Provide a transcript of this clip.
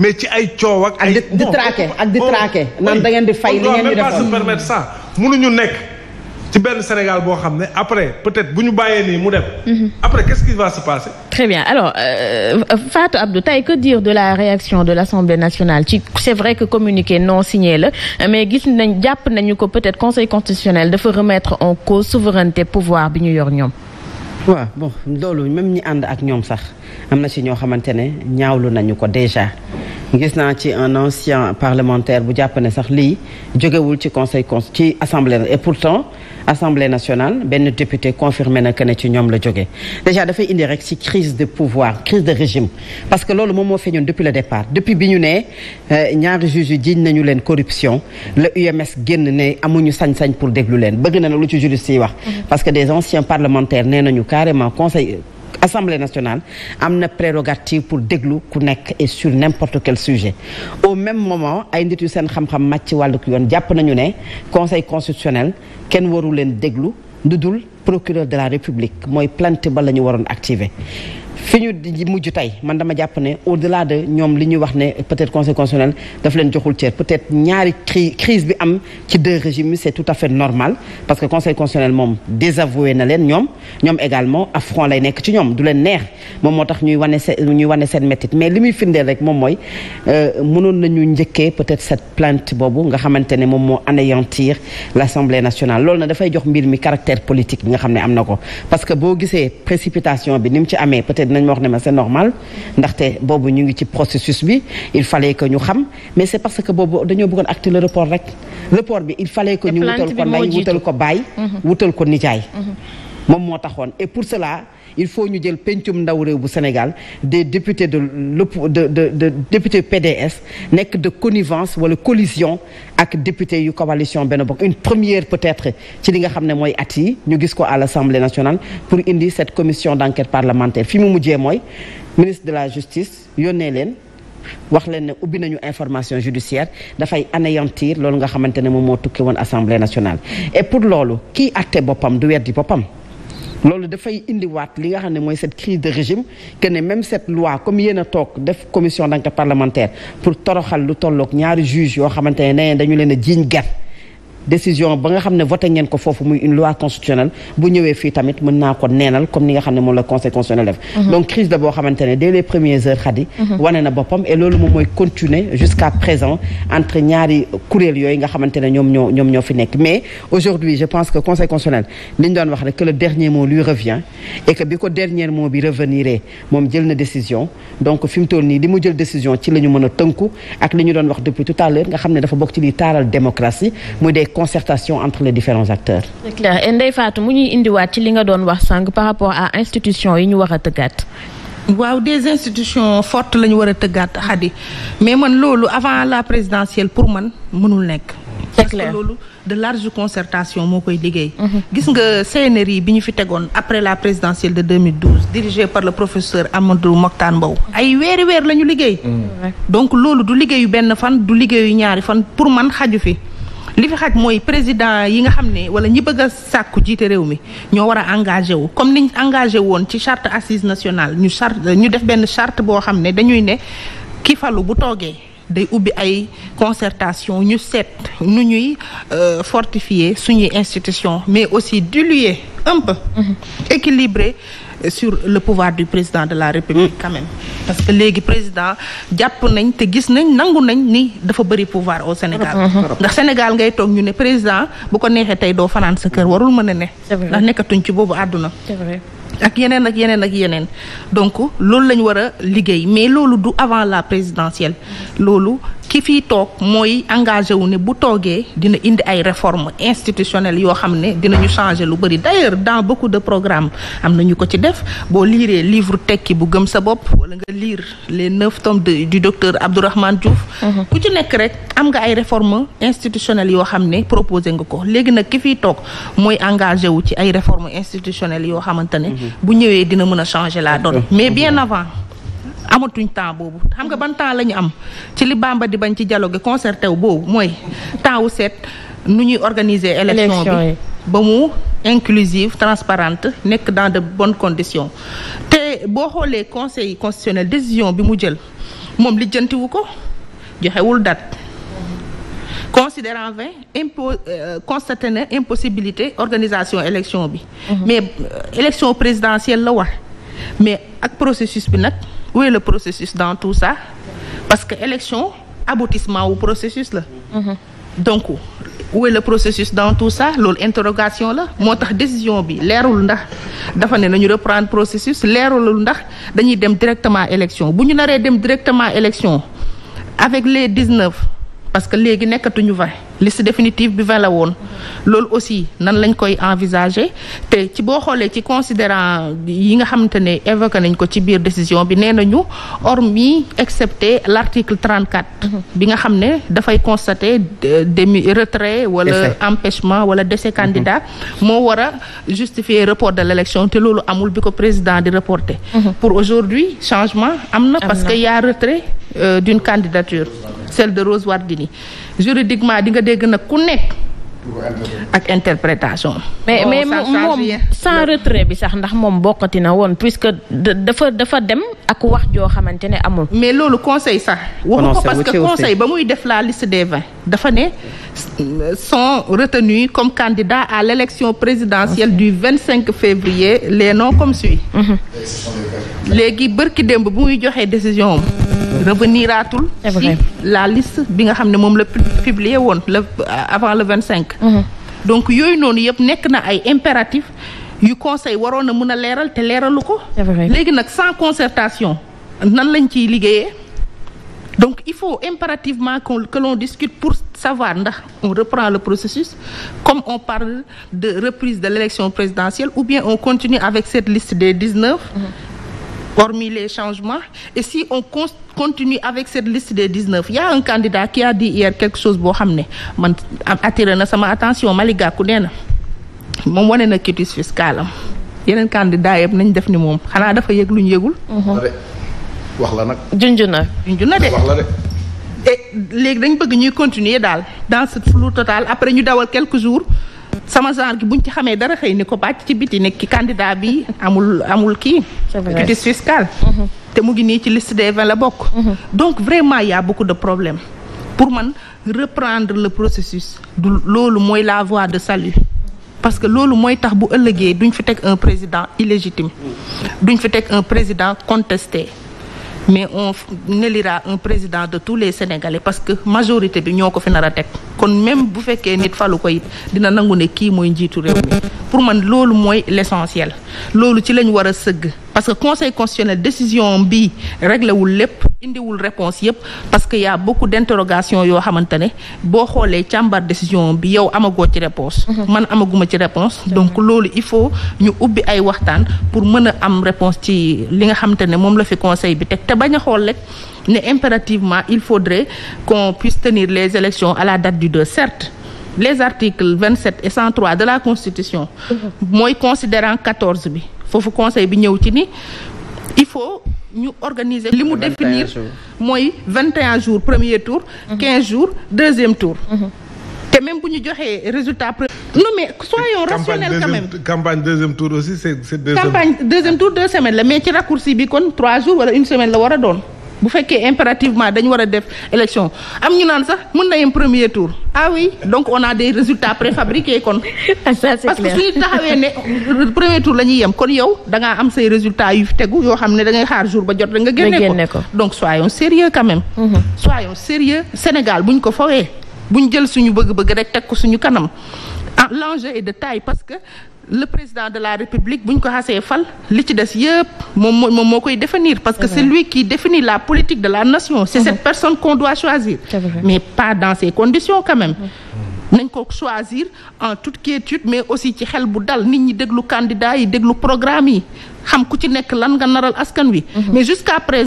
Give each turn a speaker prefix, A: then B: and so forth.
A: mais ci ay coow ak. ay di traqué
B: ak di traqué naan da ngeen di fay li ngeen di defoon on se
A: permettre ça mënuñu nekk ci benn Sénégal boo xam ne après peut-être bu ñu bàyyee nii mu dem. Mhm. après qu'est-ce qui va se passer. très bien alors euh, Fatou Abdou que dire de la réaction de l'Assemblée nationale ci c'est vrai que communiqué non signé la mais gis nañ jàpp nañu ko peut-être Conseil constitutionnel dafa remettre en cause souveraineté pouvoir bi ñu yor ñoom. waaw bon
B: loolu même ñi ànd ak ñoom sax am na ci ñoo xamante ne ñaawlu nañu ko déjà gis naa ci un ancien parlementaire bu jàpp ne sax lii jógewul ci conseil con ci assemblée et pourtant assemblée nationale benn député confirmé na que ne ci ñoom la jóge déjà dafay indi rek ci crise de pouvoir crise de régime parce que loolu moom moo feeñoon depuis le départ depuis bi ñu ne euh, ñaari juges yi jiiñ nañu leen corruption la UMS génn ne amuñu sañ-sañ pour déglu leen bëgg na lu ci juristes yi wax mm-hmm. carrément conseil assemblée nationale am na prérogative pour déglu ku nekk et sur n'importe quel sujet au même moment ay nit yu seen xam-xam màcc ci wàlluk yoon jàpp nañu ne conseil constitutionnel kenn waru leen déglu ndudul procureur de la république mooy plainte ba la ñu waroon activer fi ñu mujj tey man dama jàpp ne au delà de ñoom li ñuy wax ne peut-être conseil constitutionnel daf leen joxul cër peut-être ñaari cri crise bi am ci deux régimes yi c'est tout à fait normal parce que conseil constitutionnel moom désavoué na leen ñoom ñoom également affront lay nekk ci ñoom du leen neex moom moo tax ñuy wane seen ñuy wane seen métit mais li muy firndeel rek moom mooy euh, mënoon nañu njëkkee peut-être cette plainte boobu nga xamante ne moom moo anéantir l'Assemblée dafay jox mbir mi caractère politique bi nga xam ne am na ko dinañ ma wax ne ma c'est normal ndaxte boobu ñu ngi ci processus bi il fallait que ñu xam mais c'est parce que boobu dañoo bëggoon acter le report rek report bi il fallait que ñu wutal ko nday wutal ko baay mhm. wutal ko nijaay mhm. moom moo taxoon et pour cela il faut ñu jël pencum ndaw réew bu Sénégal des députés de l'op de de de député PDS nekk de connivence wala collision ak député yu coalition benn Bokk une première peut-être ci li nga xam ne mooy at yi ñu gis ko à l'Assemblée nationale pour indi cette commission d'enquête parlementaire fi mu mujjee mooy ministre de la justice yónnee leen wax leen ne ubbi nañu information judiciaire dafay anéantir loolu nga xamante ne moom moo tukki woon Assemblée nationale et pour loolu kii atte boppam du weddi boppam loolu dafay indiwaat li nga xam ne mooy cette crise de régime que ne même cette loi comme yéen a toog def commission d'enquête parlementaire pour toroxal lu tolloog ñaari juge yoo xamante ne dañu leen a jiiñ ger décision ba nga xam ne voté ngeen ko foofu muy une loi constitutionnelle bu ñëwee fii tamit mën naa ko neenal comme ni nga xam ne moom la conseil constitutionnel def mhm. donc crise da boo xamante ne dès les premières heures xadi mhm. wane na boppam et loolu moom mooy continuer jusqu'à présent entre ñaari kuréel yooyu nga xamante ne ñoom ñoo ñoom ñoo fi nekk mais aujourd'hui je pense que conseil constitutionnel li ñu doon wax rek que le dernier mot lui revient et fi mu toll nii li mu jël décision ci la ñu mën a tënku ak li ñu doon wax depuis concertation entre les différents acteurs.
A: c'est clair mu ñuy indiwaat ci li nga doon wax sànq par rapport à institution yi ñu war a tëggaat. waaw des institutions fortes la war a tëggaat xadi mais man loolu avant la présidentielle pour man mënul nekk. c'est clair parce que loolu de large concertation moo koy liggéey. Mhm. gis nga CNRI bi ñu fi tegoon après la présidentielle de 2012 dirigé par le professeur Amadou Mokhtar Mbow. ay weeri weer la ñu liggéey. Mhm. donc loolu du li benn fan du liggéeyu ñaari fi. li fi xaj mooy président yi nga xam ne wala ñi bëgg a sàkku jiite réew mi ñoo war a engagé wu comme niñ engagé woon ci charte assise nationale ñu charte ñu def benn charte boo xam ne dañuy ne ki falu bu toogee day ubbi ay concertation ñu seet nu ñuy euh, fortifier suñuy institution mais aussi diluer un peu mm-hmm. équilibrer sur le pouvoir du président de la république quand parce que léegi président jàpp nañ te gis nañ nangu nañ ni dafa bëri pouvoir au Sénégal ndax Sénégal ngay toog ñu ne président bu ko neexee tey doo fanaan sa kër warul mën a ne ndax nekkatuñ ci boobu àdduna ak yeneen ak yeneen ak yeneen donc loolu lañ war a liggéey mais loolu du avant la présidentielle loolu ki fiy toog mooy engagé wu ne bu toogee dina indi ay réformes institutionnelles yoo xam ne dinañu changer lu bëri d'ailleurs dans beaucoup de programme am na ñu ko ci def boo liiree livre tekki bu gëm sa bopp wala nga liir les neuf tomes de du docteur Abdourahmane Diouf. Mhm. ku ci nekk rek am nga ay réformes institutionnelles yoo xam ne proposé nga ko léegi nag ki fi toog mooy engagé wu ci ay réformes institutionnelles yoo xamante ne. Mhm. bu ñëwee dina mën a changer la donne euh, mais euh, bien euh. amatuñ temps boobu xam nga ban temps la ñu am ci li Bamba di bañ ci dialogue concerté wu boobu mooy temps wu seet nu ñuy organiser élection bi ba mu inclusive transparente nekk dans de bonnes conditions te boo xoolee conseil constitutionnel décision bi mu jël moom lijjantiwu ko joxewul dat considérant 20 impo euh, constaté na impossibilité organisation élection bi mhm. mais euh, élection présidentielle la war mais ak processus bi nag où est le processus dans tout sax parce que élection aboutissement wu processus la mhm. donc où est le processus dans tout sax loolu interrogation la moo tax décision bi leerul ndax dafa ne nañu reprendre processus leerul ndax dañuy dem directement élection bu ñu naree dem directement élection avec les 19 parce que léegi nekkatuñu vingt liste définitive bi 20 la woon loolu aussi nan lañ koy envisager te ci boo xoolee ci considérant yi nga xamante ne évoqué nañ ko ci biir décision bi nee nañu hormis excepté larticle article 34 mhm. bi nga xam ne dafay constater demi retrait wala empêchement wala décès candidat mhm. moo war a justifier report de l' te loolu amul bi ko président di reporter mhm. pour aujourd'hui changement am na parce que y a retrait euh, d'une candidature celle de Rose juridiquement di nga dégg nag ku nekk. ak interprétation. mais oh, mais moom sans retrait bi sax ndax moom bokkati na woon puisque dafa dafa dem ak wax joo xamante ne amul. mais loolu conseil sax. waxu ko parce que conseil ba muy def la liste des vingt. dafa ne sont retenus comme candidats à l' élection présidentielle du vingt cinq février les noms comme suit. Mhm. léegi bërki démb bu muy joxee décision am reveniraatul ci la liste bi nga xam ne moom la publier woon le euh, avant le vingt cinq mm-hmm. donc yooyu noonu yëpp nekk na ay impératif yu conseil waroon a mun a leeral te leeralu ko léegi nag sans concertation nan lañ ciy liggéeyee donc il faut impérativement qu'on que l'on discute pour savoir ndax on reprend le processus comme on parle de reprise de l'élection présidentielle ou bien on continue avec cette liste des 19 mm mm-hmm. hormis les changements et si on continue avec cette liste des 19 il y a un ki qui a dit hier quelque chose boo xam ne man attiré na sama attention Malick Gakou nee na moom wane na quitus fiscal am yeneen candida yam nañ def ni moom xanaa dafa yëg lu ñu yëgul. Mhm. wax la nag. junj na junj na de. wax léegi dañ bëgg ñuy continuer daal dans ce flou total après ñu dawal quelques jours. sama genre gi buñ ci xamee dara xëy ni ko bàcc ci biti nekk ki candidat bi amul amul kii. justice fiscale mm-hmm. te mu ngi nii ci liste des vingt la bokk mm-hmm. donc vraiment y a beaucoup de problèmes pour man reprendre la processus du loolu mooy la voie de salut parce que loolu mooy tax bu ëllëgee duñ fi teg un président illégitime duñ fi teg un président contesté mais on élira un président de tous les Sénégalais parce que majorité bi ñoo ko fi nar a teg kon même bu fekkee nit falu koy dina nangu ne kii mooy njiitu réew mi pour man loolu mooy l'essentiel loolu ci lañ war a sëgg parce que conseil constitutionnel décision bi réglé wul lépp indiwul réponse yépp parce que y a beaucoup d'interrogations yoo xamante ne boo xoolee càmbar décision bi yow amagoo ci réponse mhm. man amaguma ci réponse donc loolu il faut ñu ubbi ay waxtaan pour mën a am réponse ci li nga xamante ne moom la fi conseil bi teg te bañ a xool rek ne impérativement il faudrait qu'on puisse tenir les élections à la date du 2 certes les articles 27 et 103 de la constitution mooy considérant 14 bi foofu conseil bi ñëw ci ni il faut ñu organiser li mu définir mooy 21 jours premier tour 15 jours deuxième tour te même bu ñu joxee résultat premier non mais soyons rationnels quand même campagne deuxième tour deux semaines la mais ci raccourci bi kon trois jours wala une war a bu fekkee impérativement dañu war a def élection am ñu naan sax mën na yem premier tour ah oui donc on a des résultat préfabriqués kon. Ah, ça c'est clair parce que suñu taxawee ne premier tour la ñuy yem kon yow da am say résultat yu fi tegu yoo xam ne da xaar jour ba jot rek nga génne ko donc soyons sérieux quand même. Mm -hmm. soyons sérieux Sénégal buñ ko fawee buñ jël suñu bëgg-bëgg rek teg ko suñu kanam ah l'enjeu de taille parce que. le président de la république bu ko xasee fal li ci des yëpp moom moo moom moo koy définir parce que c'est lui qui définit la politique de la nation c'est cette personne qu'on doit choisir mais pas dans ces conditions quand même nañ ko choisir en toute quiétude mais aussi ci xel bu dal nit ñi déglu candidat yi déglu programme yi xam ku ci nekk lan nga naral askan wi mm-hmm. mais jusqu'à